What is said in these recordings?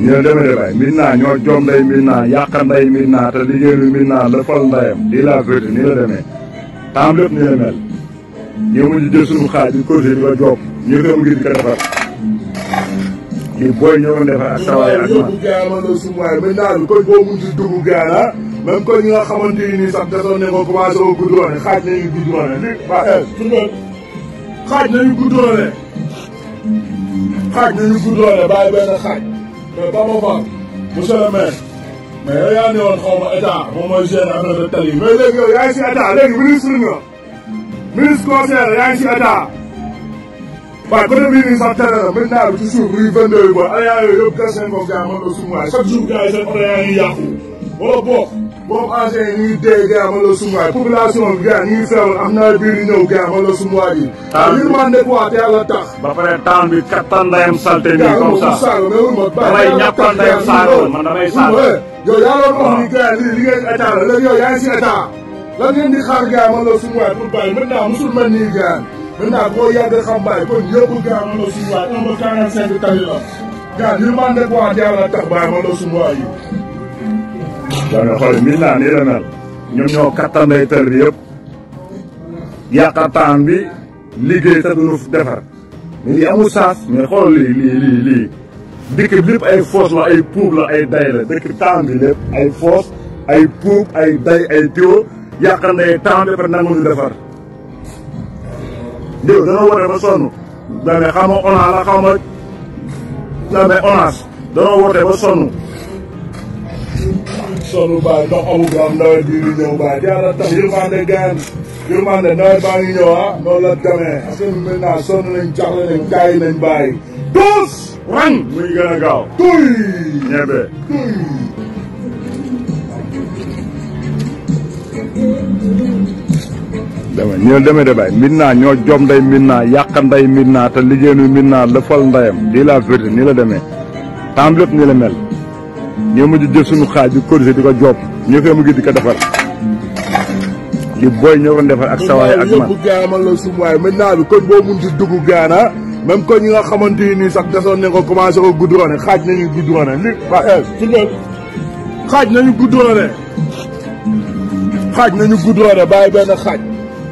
ñu ne demete bay mbir naa ñoo joom nday mbir naa yàqa nday naa te liggéey naa la di la vertu ni la taam lépp ni la mel ñu mujj jël xaaj bi côté bi ko joob ñu ko ngir di ko defar li booy ñoo doon defar ak tawaay ak man gaama no sumu waay mën naa lu koñ boo mujj dugg gaana même koñ ñi nga xamante yi nii sax gasoon ne ko commencé o xaaj nañu goudronné xaaj nañu goudronné xaaj nañu goudronné bàyyi benn xaaj mais Bamba Fall monsieur le maire mais yow yaa ne woon xaw ma état moom mooy gérer affaire de tali mais léegi yow léegi ministre nga ministre conseiller yaa ngi si état waaye côté bii nii sax tere la maintenant bi ci suuf rue yooyu yëpp gas nañ ko gars mën ko suuf waaye chaque jour gars yi seen oto moom engins yi ñu ngi dee gars la sumuwaay population bi gars ñu ngi feebar am naa biir yu ñëw gars man la sumuwaay yi. taal bi man nekk waa te tax. ba pare taal bi kattan ndayam salté nii comme ça damay ñàppoon ndayam saaga man damay saaga. yow yaa doon wax ni gars lii la léegi yow yaa ngi si musul mel nii gars maintenant boo yàgg xam bàyyi kon yëpp gars man la sumuwaay un ba quarante cinq la gars li man nekk waa te yàlla tax bàyyi man la sumuwaay yi da nga xool Milan nii la mel ñoom ñoo kattan bi liggéey te duñu defar mais lii amul saas mais lii lii lii lii dëkk ay foos la ay puub la ay day la dëkk temps bi lépp ay foos ay puub ay day ay tiwo yàqan day temps bi par nangu ñu defar déw dana woote ba sonn dame xama onaa la dame onas dana woote ba sonn sonu baay ndox amul nga am nawet bii baay jaara tax yërmande gaan yërmande nawet baa ngi ñëw ah noonu la demee parce que maintenant sonn nañ jaxle nañ jaay nañ bàyyi dos ran muy gën gaaw tuy ñebe tuy deme ñoo deme de bay min naa ñoo jom nday min naa nday min naa te liggéenu lëfal ndayam lii la vérité nii la demee temps lépp mel ñoo mujj jël suñu xaaj di cotiser di ko joob ñoo koy mujj di ko defar li booy ñoo ko defar ak sawaay ak man yëpp gaamal la sumu waay maintenant bi koñ boo mun si dugg gaana même koñ yi nga xamante yi nii sax desoon nañ ko commencé ko goudronné xaaj nañu goudronné li eh, suñu xaaj nañu goudronné xaaj nañu goudronné bàyyi benn xaaj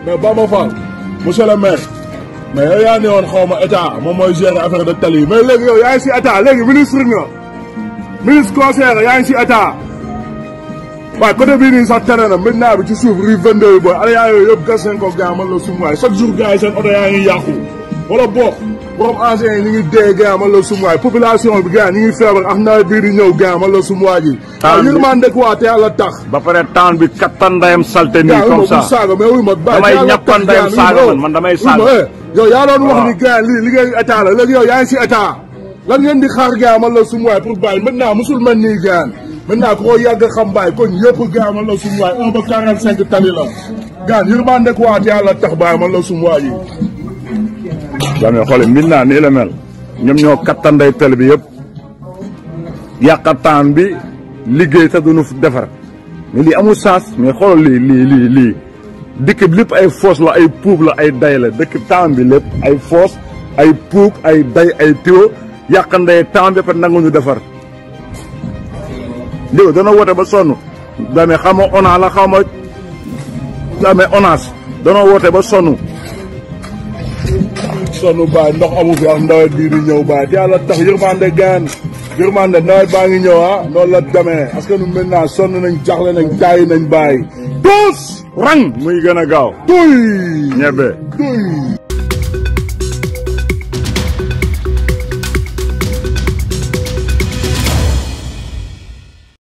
mais Bamba Fall monsieur le maire mais yow yaa ne woon xaw ma a moom mooy gérer affaire tali yi mais léegi yow si état léegi ministre nga ministre conseillère yaa ngi si état waaye côté bii nii sax tere na naa bi ci suuf rue 22 booy alaya yooyu yëpp gas ko gaa man la sumuwaay chaque jour gars yi seen oto yaa ngi yàqu wala bokk borom anciens yi ñu ngi dee gaa man la sumuwaay population bi gaa ñu ngi feebar ak nawet bii i ñëw gaa man la sumuwaay ji waaw yërmande quoi te yàlla tax ba pare temps bi kattan ndayam salte nii comme ça saaga mais wuy ma damay ñàppan ndayam man man damay saaga eh, yow yaa doon wax yow yaa ngi si état lan ngeen di xaar gaamal la sumu waay pour Baye maintenant musul mel nii gaan maintenant ku ko yàgg xam Baye kon yëpp gaamal la sumu waay un ba quarante cinq tali la gaan yërmande ko waat yàlla tax Baye man la sumu waay yi damay xoole mbir naa nii la mel ñoom ñoo kattanday tali bi yëpp yàqataan bi liggéey sa duñu defar mais lii amul sens mais xoolal lii lii lii dëkk lépp ay foos la ay puub la ay day la dëkk temps bi lépp ay foos ay puub ay day ay tiwo yàq ndey temps bi pare defar dégg dana woote ba sonn damay xaw ma la xaw ma onaas danoo woote ba sonn sonn baay ndox amu fi ak nawet bii di ñëw baay te yàlla tax yërmande gaan yërmande nawet baa ngi ñëw ah, la demee parce que nu maintenant sonn nañ jaxle nañ jaayi nañ bàyyi tous rang muy gën a gaaw tuy